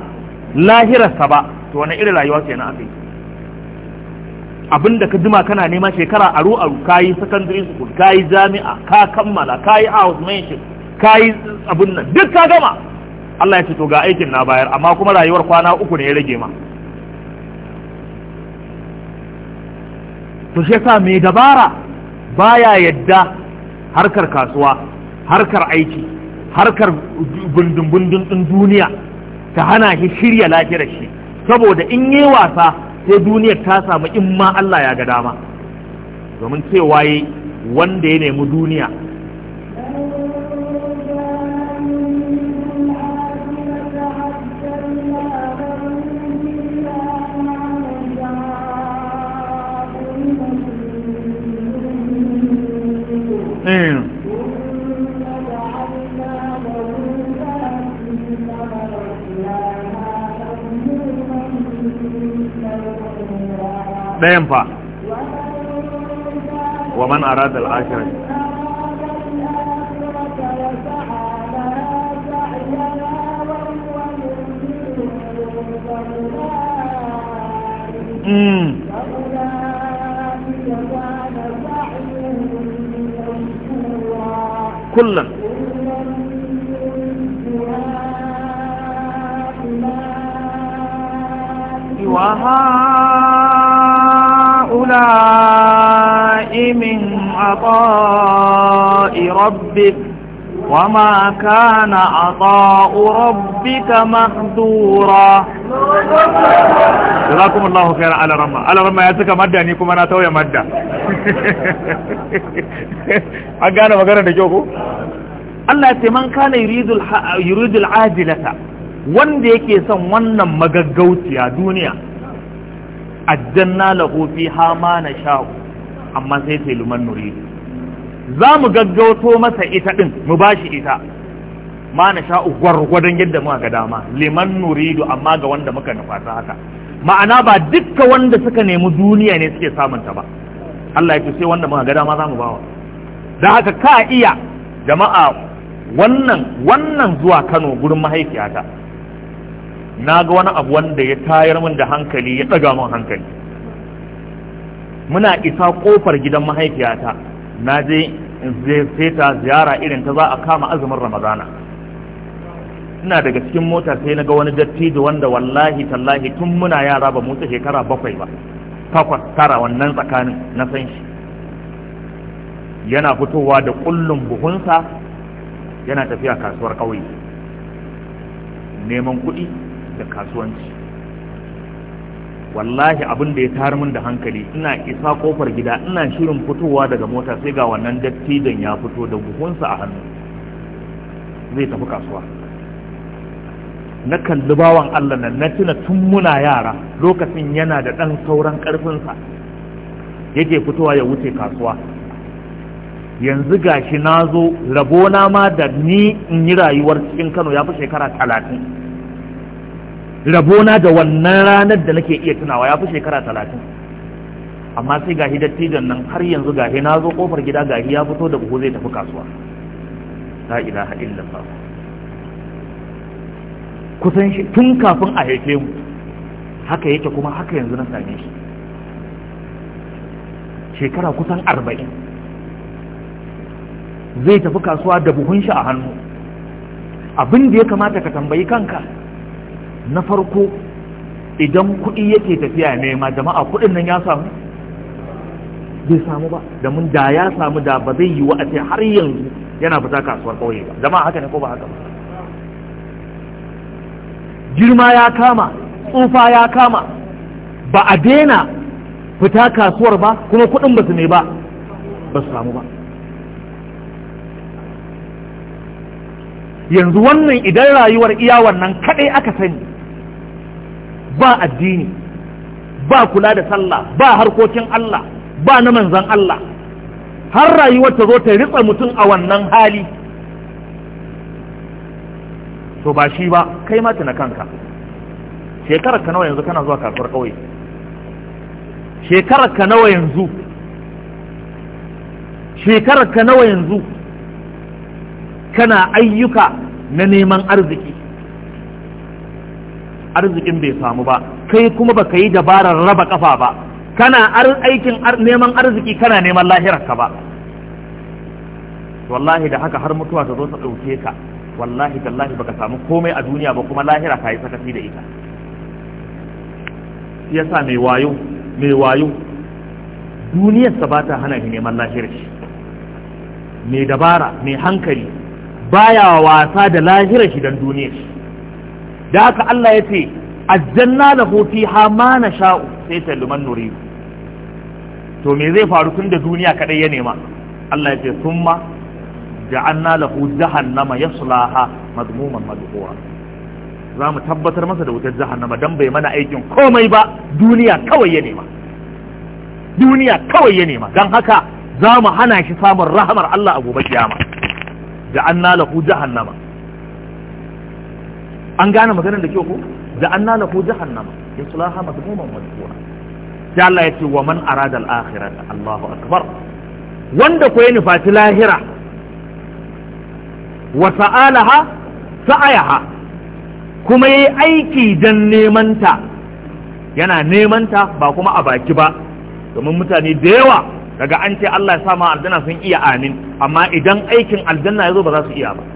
lahirarsa ba to wani irin rayuwa ce na akai abinda ka jima kana nema shekara aru aru kayi secondary school kayi jami'a ka kammala kayi house mansion kayi abin nan duk ka gama Allah ya ce to ga aikin na bayar amma kuma rayuwar kwana uku ne ya rage ma to shi yasa mai dabara baya yadda harkar kasuwa harkar aiki harkar bundun-bundun din duniya ta hana shi shirya lahirar shi saboda in yi wasa sai duniyar ta samu in ma Allah ya ga dama domin cewa wanda ya nemi duniya ɗayan fa wa man arada al'ashirar Mm. كلا وهذا هؤلاء من عطاء ربك وما كان عطاء ربك محذورا جزاكم الله خيرا على رمى على رمى يا مدى ني كما نا مدى an gane magana da Allah ce man kana yuridul ajilata wanda yake son wannan magaggauciya duniya ajanna lahu ha ma nasha'u amma sai sai liman nuri za mu gaggauto masa ita din mu bashi ita ma na sha'u gwargwadon yadda muka ga dama liman nuridu amma ga wanda muka nufata haka ma'ana ba dukka wanda suka nemi duniya ne suke samunta ba Allah ya ce sai wanda muka ga dama za mu bawa da haka ka iya jama'a wannan wannan zuwa Kano gurin mahaifiyata na ga wani abu wanda ya tayar min da hankali ya ɗaga min hankali muna isa ƙofar gidan mahaifiyata na je sai ta ziyara irin ta za a kama azumin ramadana ina daga cikin mota sai na ga wani dattijo wanda wallahi tallahi tun muna yara ba motsa shekara bakwai ba takwas tara wannan tsakanin na san shi yana fitowa da kullum buhunsa yana tafiya kasuwar ƙauye neman kuɗi da kasuwanci wallahi abin da ya tayar min da hankali ina isa kofar gida ina shirin fitowa daga mota sai ga wannan dattijan ya fito da buhunsa a hannu zai tafi kasuwa na kalli bawan Allah nan na tuna tun muna yara lokacin yana da ɗan sauran ƙarfinsa yake fitowa ya wuce kasuwa yanzu gashi na zo rabona ma da ni in yi rayuwar cikin kano ya fi shekara talatin rabona da wannan ranar da nake iya tunawa ya fi shekara talatin amma sai gahi dattijan nan har yanzu gahi na zo kofar gida gahi ya fito da buhu zai tafi kasuwa haɗin da illallah kusan shi tun kafin a haife mu haka yake kuma haka yanzu na same shi shekara kusan arba'in zai tafi kasuwa da buhun shi a hannu abin da ya kamata ka tambayi kanka na farko idan kuɗi yake tafiya nema jama'a kuɗin nan ya samu bai samu ba da mun da ya samu da ba zai yi wa a ce har yanzu yana fita kasuwar ƙauye ba jama'a haka ne ko ba haka ba girma ya kama tsufa ya kama ba a daina fita kasuwar ba kuma kuɗin ba su ne ba ba su samu ba yanzu wannan idan rayuwar iya wannan kaɗai aka sani ba addini ba kula da sallah ba harkokin Allah ba na manzan Allah har rayuwar ta zo ta ritsa mutum a wannan hali to ba shi ba kai ma na kanka shekarar ka nawa yanzu kana zuwa kasuwar kawai shekarar ka nawa yanzu shekarar ka nawa yanzu kana ayyuka na neman arziki arzikin bai samu ba kai kuma baka yi dabarar raba kafa ba kana aikin neman arziki kana neman lahirarka ba wallahi da haka har mutuwa ta zo ta ɗauke ka wallahi tallahi baka samu komai a duniya ba kuma lahira ka yi sakaci da ita Ya yasa mai wayo mai wayo duniyarsa ba ta hana shi neman lahirar shi mai dabara mai hankali baya wasa da lahirar shi don duniyar shi da haka Allah ya ce da hoti ha ma na sha'u sai ta liman nuridu to me zai faru tun da duniya kadai ya nema Allah ya ce summa ja'anna lahu jahannama yaslaha madmuman madhura za mu tabbatar masa da wutar jahannama dan bai mana aikin komai ba duniya kawai ya nema duniya kawai ya nema dan haka za mu hana shi samun rahamar Allah a gobe kiyama ja'anna lahu jahannama an gane maganar da kyau ko da anna lahu jahannama yaslaha madmuman madhkura sai Allah ya ce wa man arada al Allahu akbar wanda ko ya nufaci lahira wa sa'alaha sa'ayaha kuma yi aiki dan nemanta. yana nemanta ba kuma a baki ba domin mutane da yawa daga an ce Allah ya sa ma aljanna sun iya amin amma idan aikin aljanna ya zo ba za su iya ba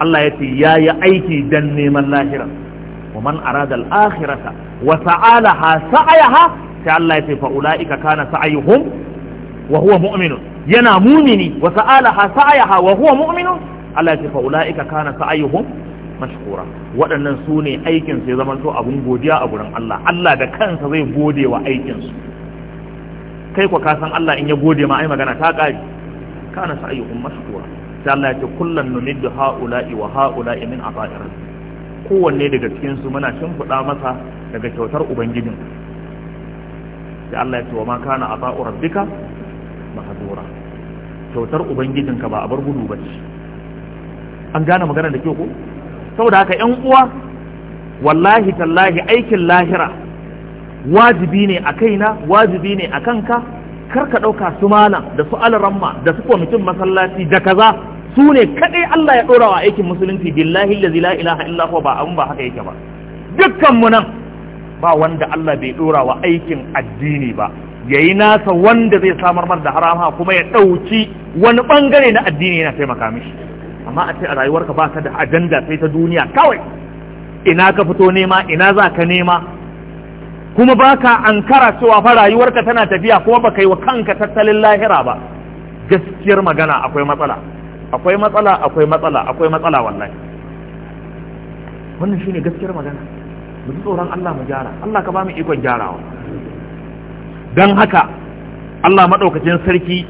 Allah ya ce ya yi aiki dan neman lahira wa man arada al-akhirata wa sa'alaha sa'ayaha sai Allah ya ce fa ulaika kana sa'ayuhum wa huwa mu'minun yana mumini wa sa'alaha sa'ayaha wa huwa mu'minun Allah ya ce fa ulaika kana sa'ayuhum mashkura waɗannan su ne aikin su ya zama to abun godiya a gurin Allah Allah da kansa zai gode wa aikin su kai ku ka san Allah in ya gode ma ai magana ta kare kana sa'ayuhum mashkura sai Allah ya ce kullun nuniddu haula'i wa haula'i min a ata'i kowanne daga cikinsu muna shimfiɗa masa daga kyautar ubangijin sai Allah ya ce wa ma kana ata'u rabbika Mahadura. kyautar ubangijinka ba a bar gudu ba ce. an gane magana da kyau ko saboda haka ƴan uwa wallahi tallahi aikin lahira wajibi ne a kaina wajibi ne a kanka Kar ka ɗauka su malam da su alramma da su kwamitin masallaci da kaza su ne kaɗai Allah ya dora wa aikin musulunci billahi da la ilaha illa ba abin ba haka yake ba Dukkanmu nan ba wanda Allah bai ɗora wa aikin addini ba yayi nasa wanda zai samar mar da harama kuma ya ɗauki wani bangare na addini yana taimaka mishi amma a ce a rayuwarka ba ka da ajanda sai ta duniya kawai ina ka fito nema ina za ka nema kuma ba ka ankara cewa fa rayuwarka tana tafiya kuma ba ka yi wa kanka tattalin lahira ba gaskiyar magana akwai matsala akwai matsala akwai matsala akwai matsala wallahi wannan shine gaskiyar magana mu ji tsoron Allah mu gyara Allah ka ba mu ikon gyarawa dan haka Allah madaukakin sarki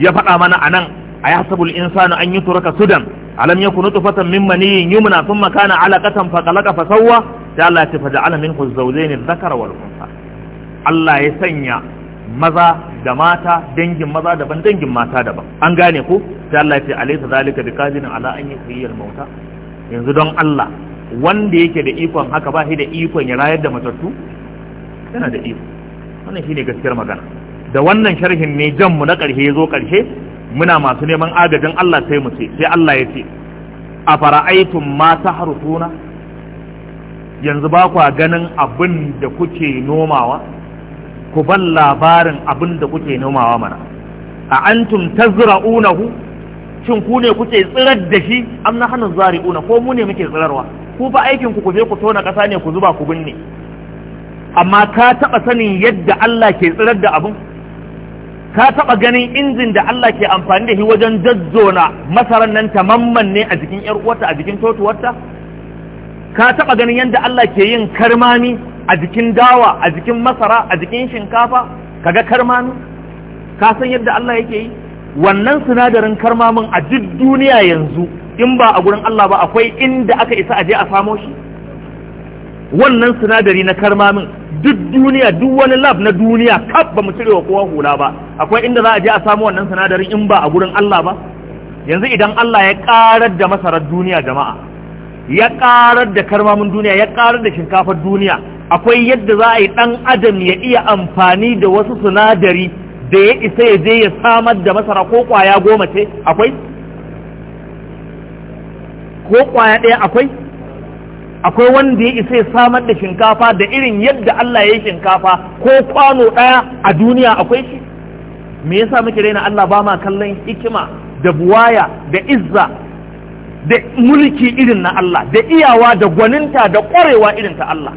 ya faɗa mana anan ayasabul insanu an yutraka sudan alam yakunu tufatan min maniyyin yumna thumma kana alaqatan faqalaqa fasawwa ta Allah ta faja'ala minhu zawjayn adh-dhakara wal unsa Allah ya sanya maza da mata dangin maza daban dangin mata daban an gane ko sai Allah ya ce alaysa zalika biqadirin ala an yuhyiya al-mauta yanzu don Allah wanda yake da ikon haka ba shi da ikon ya rayar da matattu yana da iko wannan shine gaskiyar magana da wannan sharhin ne jan mu na karshe yazo karshe muna masu neman agajin Allah sai mu ce sai Allah ya ce a fara'aitun ma tahrutuna yanzu ba kwa ganin abin da kuke nomawa ku ban labarin abin da kuke nomawa mana a antum tazra'unahu shin ku ne kuke tsirar da shi am na hannun zari'una ko mu ne muke tsirarwa ku ba aikin ku je ku tona ƙasa ne ku zuba ku binne amma ka taɓa sanin yadda Allah ke tsirar da abin ka taɓa ganin injin da Allah ke amfani da shi wajen jazzona masarar nan mamman ne a jikin 'yar uwarta a jikin totuwarta ka taɓa ganin yadda Allah ke yin karmami a jikin dawa a jikin masara a jikin shinkafa kaga karmami ka san yadda Allah yake yi wannan sinadarin karmamin a duk duniya yanzu in ba a gurin Allah ba akwai inda aka isa aje a samo shi wannan sinadari na karmamin duk duniya duk wani lab na duniya kaf ba mu cire wa kowa hula ba akwai inda za a je a samu wannan sinadarin in ba a gurin Allah ba yanzu idan Allah ya karar da masarar duniya jama'a ya karar da karmamin duniya ya karar da shinkafar duniya akwai yadda za a yi ɗan adam ya iya amfani da wasu sinadari da ya isa ya je ya samar da masara ko kwaya goma ce akwai ko kwaya ɗaya akwai akwai wanda ya isa ya samar da shinkafa da irin yadda Allah ya yi shinkafa ko kwano ɗaya a duniya akwai shi me yasa muke raina Allah ba ma kallon hikima da buwaya da izza da mulki irin na Allah da iyawa da gwaninta da ƙwarewa irin ta Allah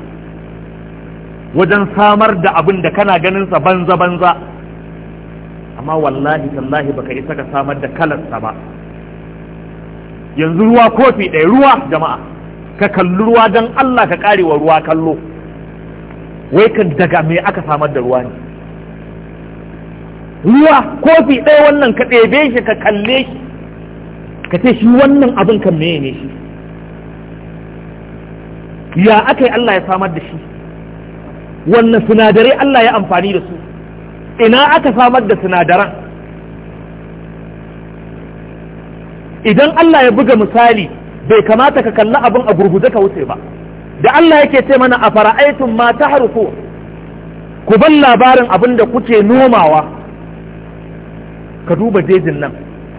wajen samar da abin da kana ganin sa banza banza amma wallahi tallahi baka isa ka samar da kalarsa ba yanzu ruwa kofi ɗaya ruwa jama'a ka kalli ruwa don Allah ka karewa ruwa kallo wai kan daga me aka samar da ruwa ne ruwa kofi ɗaya wannan ka ɗebe shi ka kalle shi ka ce shi wannan abin kan meye ne shi ya aka yi Allah ya samar da shi wannan sinadarai Allah ya amfani da su ina aka samar da sinadaran idan Allah ya buga misali bai kamata ka kalli abin a gurguje ka wuce ba da Allah yake ce mana a fara'aitun ma ta ku ban labarin abin da kuke nomawa ka duba jejin nan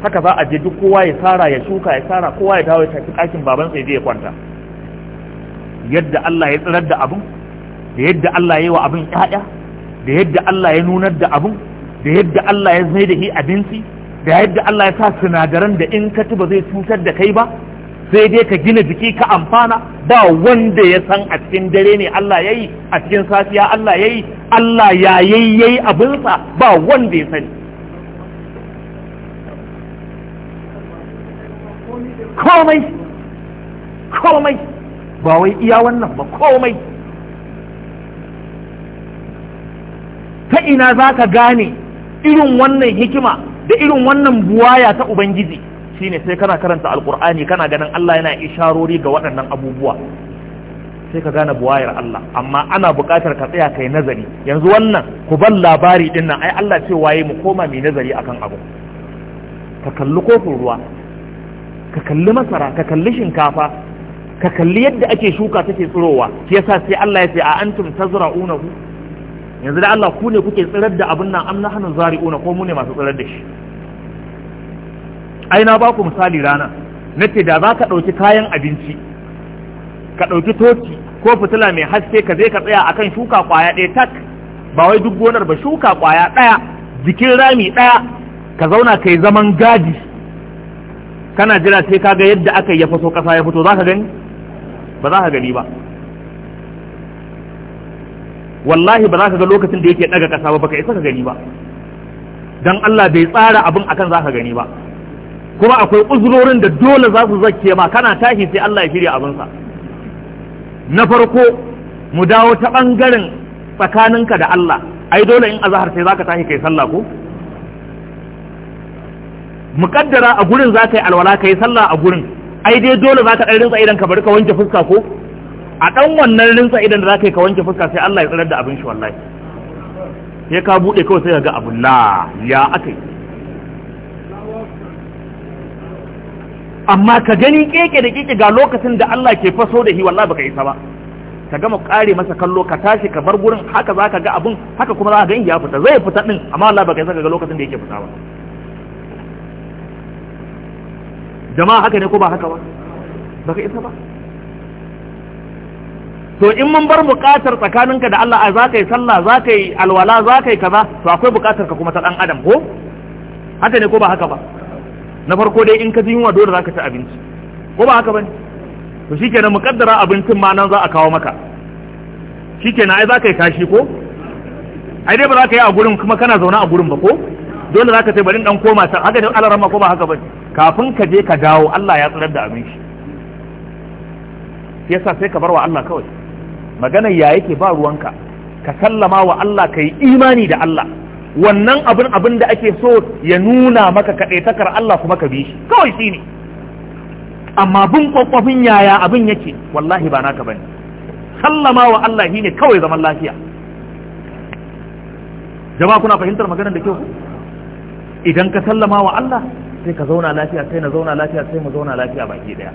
haka za a je duk kowa ya tsara ya shuka ya tsara kowa ya dawo ya tafi kakin baban sai je ya kwanta yadda Allah ya tsirar da abin da yadda Allah ya yi wa abin ƴaƴa da yadda Allah ya nunar da abin da yadda Allah ya zai da shi abinci da yadda Allah ya sa sinadaran da in ka ba zai cutar da kai ba sai dai ka gina jiki ka amfana ba wanda ya san a cikin dare ne Allah ya yi a cikin safiya Allah ya yi Allah ya yayyayi abinsa ba wanda ya sani komai komai ba wai iya wannan ba komai ta ina za ka gane irin wannan hikima da irin wannan buwaya ta ubangiji shine sai kana karanta alkur'ani kana ganin Allah yana isharori ga waɗannan abubuwa sai ka gane buwayar Allah amma ana buƙatar ka tsaya kai nazari yanzu wannan ku ban labari ɗin nan ai Allah ce waye mu koma mai nazari akan abu ka kalli kofin ruwa ka kalli masara ka kalli shinkafa ka kalli yadda ake shuka take tsirowa shi yasa sai Allah ya ce a antum tazra'unahu yanzu da Allah ku ne kuke tsirar da abin nan amna hannun zari'una ko mu ne masu tsirar da shi ai na ba ku misali rana na ce da za ka ɗauki kayan abinci ka ɗauki toci ko fitila mai haske ka je ka tsaya akan shuka ƙwaya ɗaya tak ba wai duk gonar ba shuka ƙwaya ɗaya jikin rami ɗaya ka zauna ka yi zaman gadi kana jira sai ka ga yadda aka yi ya faso ƙasa ya fito za ka gani ba za ka gani ba wallahi ba za ka ga lokacin da yake daga kasa ba baka isa ka gani ba dan Allah bai tsara abin akan za ka gani ba kuma akwai uzurorin da dole za su zakke ma kana tashi sai Allah ya shirya abinsa na farko mu dawo ta bangaren tsakaninka da Allah ai dole in azahar sai zaka tashi kai sallah ko muƙaddara a gurin za ka yi alwala ka yi sallah a gurin ai dai dole za ka ɗan rinsa idan ka bari ka wanke fuska ko a ɗan wannan rinsa idan da za ka yi ka wanke fuska sai Allah ya tsirar da abin shi wallahi sai ka buɗe kawai sai ga abu la ya aka yi amma ka gani keke da keke ga lokacin da Allah ke faso da shi wallahi baka isa ba ka gama ƙare masa kallo ka tashi ka bar gurin haka za ka ga abin haka kuma za ka gani ya fita zai fita ɗin amma wallahi baka isa ka ga lokacin da yake fita ba jama'a haka ne ko ba haka ba baka isa ba to in mun bar buƙatar tsakaninka da Allah a za ka yi sallah za ka yi alwala za ka yi kaza to akwai buƙatar ka kuma ta ɗan adam ko haka ne ko ba haka ba na farko dai in ka ji yunwa dole za ka ci abinci ko ba haka ba ne to shi kenan muƙaddara abincin ma nan za a kawo maka shi kenan ai za ka yi kashi ko ai dai ba za ka yi a gurin kuma kana zaune a gurin ba ko dole za ka sai bari ɗan koma ta haka ne alarama ko ba haka ba kafin ka je ka dawo Allah ya tsirar da abinci. shi yasa sai ka bar wa Allah kawai maganar ya yake ba ruwanka ka sallama wa Allah ka yi imani da Allah wannan abin abin da ake so ya nuna maka kaɗaitakar Allah kuma ka bi shi kawai shi ne amma bin kwakwafin yaya abin yake wallahi ba naka bane sallama wa Allah shine kawai zaman lafiya jama'a kuna fahimtar maganar da kyau idan ka sallama wa Allah sai ka zauna lafiya sai na zauna lafiya sai mu zauna lafiya baki daya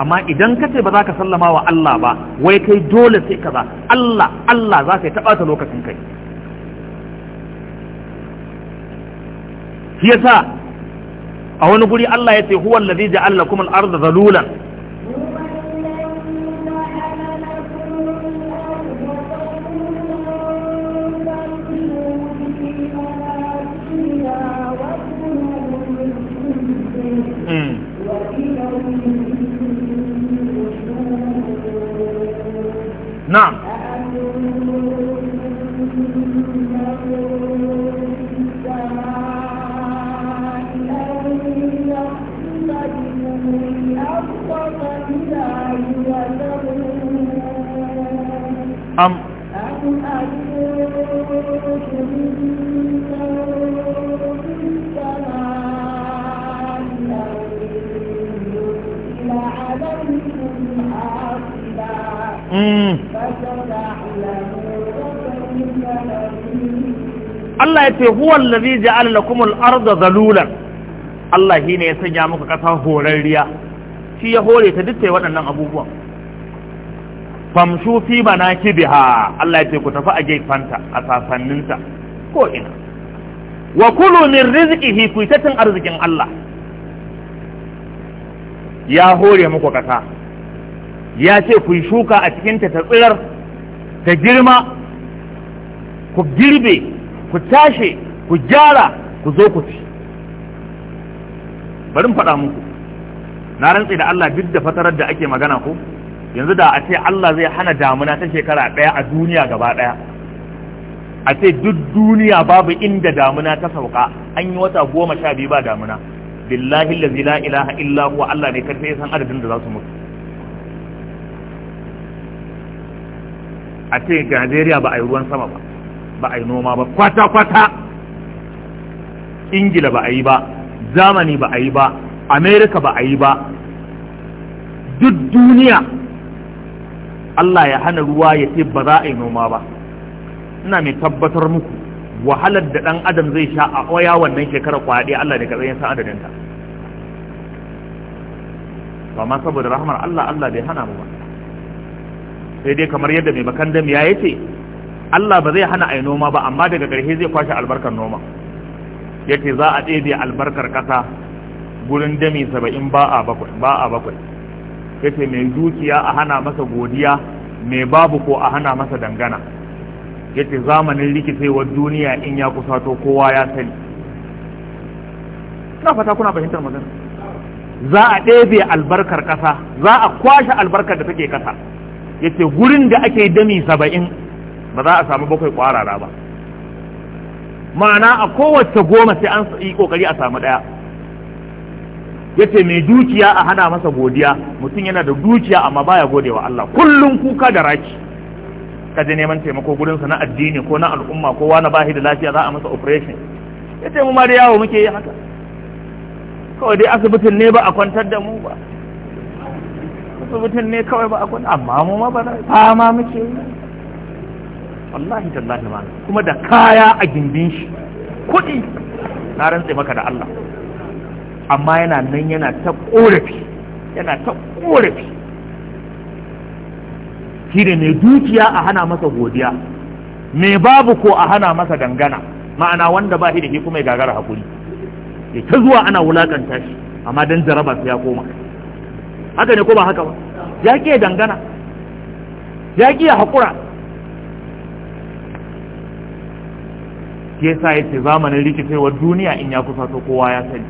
amma idan ka ce ba za ka sallama wa Allah ba wai kai dole sai kaza Allah Allah za ka yi taɓa ta lokacin kai shi yasa a wani guri Allah ya ce huwa allazi ja'ala al-ardha zalulan na'am am Thank Mm. Allah ya ce huwan lazi ja'ala kuma al da zalulan Allah ne ya sanya muku horar riya, shi ya hore ta dutse waɗannan abubuwan famshu fi manakibiha Allah ya ce ku tafi a gefanta a sasanninta ko ina wa kulu min fi ku arzikin Allah ya hore muku ƙasa. ya ce ku yi shuka a cikinta ta tsirar ta girma ku girbe ku tashe ku gyara ku zo ku ci bari mu faɗa muku na rantse da Allah duk da fatarar da ake magana ku yanzu da a ce Allah zai hana damuna ta shekara ɗaya a duniya gaba ɗaya a ce duk duniya babu inda damuna ta sauka an yi wata goma sha biyu ba damuna billahi la ilaha illa huwa Allah ne karfe san adadin da za su mutu a ce Najeriya ba a yi ruwan sama ba ba a yi noma ba kwata-kwata ingila ba a yi ba zamani ba a yi ba amerika ba a yi ba duk duniya Allah ya hana ruwa ya ce ba za a yi noma ba ina mai tabbatar muku wahalar da ɗan adam zai sha a oya wannan shekarar kwaɗe Allah da gazayen sa adadinta ba ma saboda rahamar Allah Allah bai hana mu ba sai dai kamar yadda mai makandam ya yace Allah ba zai hana yi noma ba amma daga ƙarshe zai kwashe albarkar noma yace za a ɗebe albarkar ƙasa gurin dami saba'in ba a bakwai ba a bakwai yace mai dukiya a hana masa godiya mai babu ko a hana masa dangana yace zamanin rikicewar duniya in ya kusato kowa ya sani kuna fata kuna fahimtar magana za a ɗebe albarkar ƙasa za a kwashe albarkar da take ƙasa yace gurin da ake dami saba'in ba za a samu bakwai kwarara ba ma'ana a kowace goma sai an yi kokari a samu daya yace mai dukiya a hana masa godiya mutum yana da dukiya amma baya godewa Allah kullum kuka da raki je neman taimako gurinsa na addini ko na al'umma ko wani bahi da lafiya za a masa operation yace mu ma da yawo muke yi haka kawai dai asibitin ne ba a kwantar da mu ba asibitin ne kawai ba a kuna amma mu ma ba fama muke wallahi tallahi ma kuma da kaya a gindin shi kuɗi na rantse maka da Allah amma yana nan yana ta ƙorafi yana ta ƙorafi shi da mai dukiya a hana masa godiya mai babu ko a hana masa dangana ma'ana wanda ba shi da shi kuma ya gagara hakuri ya ta zuwa ana wulakanta shi amma don jaraba su ya koma haka ne ko ba haka ba ya ƙi dangana ya ƙi haƙura ke sa ya ce zamanin rikicewa duniya in ya kusa to kowa ya sani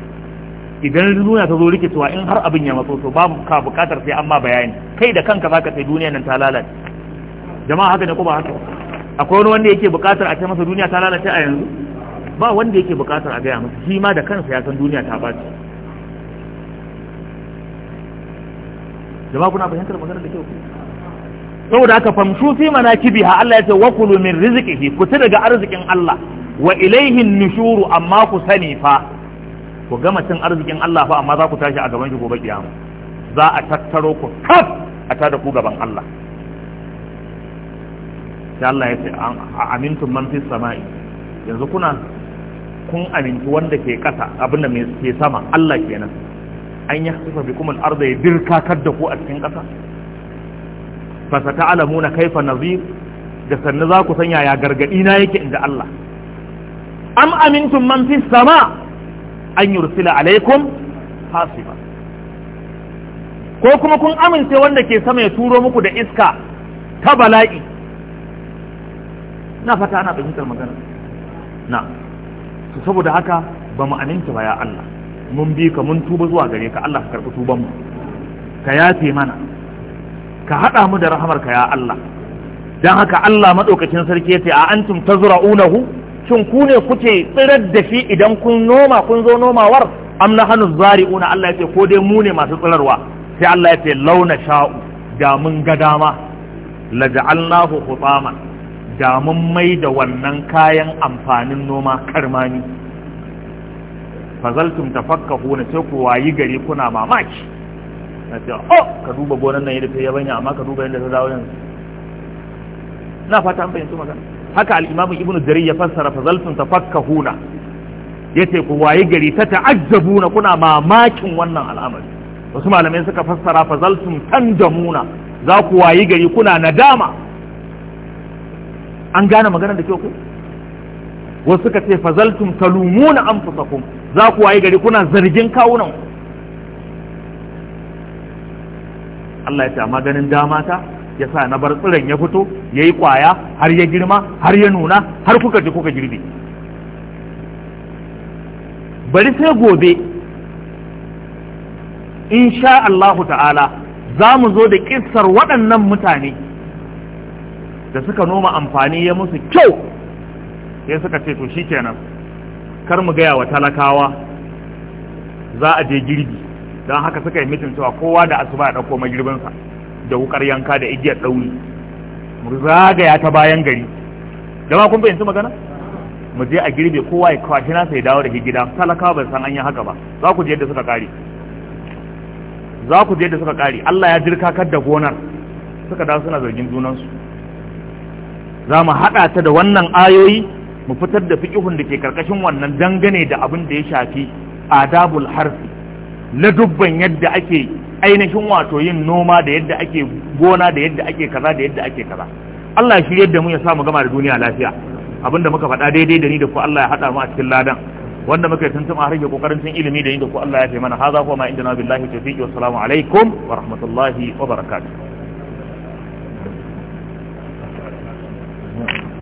idan duniya ta zo rikicewa in har abin ya matso to babu ka bukatar sai an ma bayani kai da kanka zaka sai duniya nan ta lalace jama'a haka ne ko ba haka akwai wani wanda yake bukatar a ce masa duniya ta lalace a yanzu ba wanda yake bukatar a gaya masa shi ma da kansa ya san duniya ta bace jama'a kuna fahimtar magana da kyau saboda haka famshu fi manakibiha Allah ya ce wa kulu min rizqihi ku daga arzikin Allah wa ilaihi nushuru amma ku sani fa ku gama cin arzikin Allah fa amma za ku tashi a gaban shi gobe kiyama za a tattaro ku kaf a tada ku gaban Allah sai Allah ya ce amintum man fi sama'i yanzu kuna kun aminci wanda ke kasa abinda mai ke sama Allah kenan an yi hasifa bi kuma al'arda ya dirkakar da ku a cikin ƙasa fasa ta'alamu na kaifa nazir da sannu za ku sanya ya gargaɗi na yake inda Allah am amintun man fi sama an yursila alaikum hasiba ko kuma kun amince wanda ke sama ya turo muku da iska ta bala'i na fata ana fahimtar magana na saboda haka ba mu aminta ba ya Allah mun bi ka mun tuba zuwa gare ka Allah ka karɓi tuban mu ka yafe mana ka haɗa mu da rahamar ka ya Allah dan haka Allah madaukakin sarki yace a antum tazra'unahu shin ku ne kuke tsirar da shi idan kun noma kun zo nomawar am nahnu zari'una Allah yace ko dai mu ne masu tsirarwa sai Allah yace launa sha'u da mun ga dama laja'alnahu khutaman da mun mai da wannan kayan amfanin noma karmani fazaltum tafakkahuna sai ku wayi gari kuna mamaki na ce oh ka duba gonan nan yadda ta yabanya amma ka duba yadda ta dawo yanzu na fata an bayyana magana haka al-imam ibnu jarir ya fassara fazaltum tafakkahuna yace ku wayi gari ta ta'ajjabuna kuna mamakin wannan al'amari wasu malamai suka fassara fazaltum tandamuna za ku wayi gari kuna nadama an gane maganar da kyau ku wasu suka ce fazaltum talumuna anfusakum za ku waye gari kuna zargin kawunan Allah ya ce amma ganin dama ta ya sa na bar tsiran ya fito ya yi kwaya har ya girma har ya nuna har kuka ji kuka girbe bari sai gobe insha Allahu ta'ala za mu zo da kissar waɗannan mutane da suka noma amfani ya musu kyau sai suka ce to shikenan kar mu gaya wa talakawa za a je girbi don haka suka yi mitin cewa kowa da asuba ya dauko magirbinsa da wukar yanka da igiyar dauri mu zagaya ta bayan gari da ma kun fahimci magana mu je a girbe kowa ya kwashi nasa ya dawo da gida talakawa ban san an yi haka ba za ku je da suka kare za ku je da suka kare Allah ya kar da gonar suka dawo suna zargin junansu za mu haɗa ta da wannan ayoyi mu fitar da fiqhun da ke karkashin wannan dangane da abin da ya shafi adabul harfi dubban yadda ake ainihin wato yin noma da yadda ake gona da yadda ake kaza da yadda ake kaza Allah shi yadda mu ya sa mu gama da duniya lafiya abinda muka faɗa daidai da ni da ku Allah ya haɗa mu a cikin ladan wanda muka tuntuma har kokarin sun ilimi da ni da ku Allah ya fi mana haza kuma ma inda billahi tawfiqi wassalamu alaikum wa rahmatullahi wa barakatuh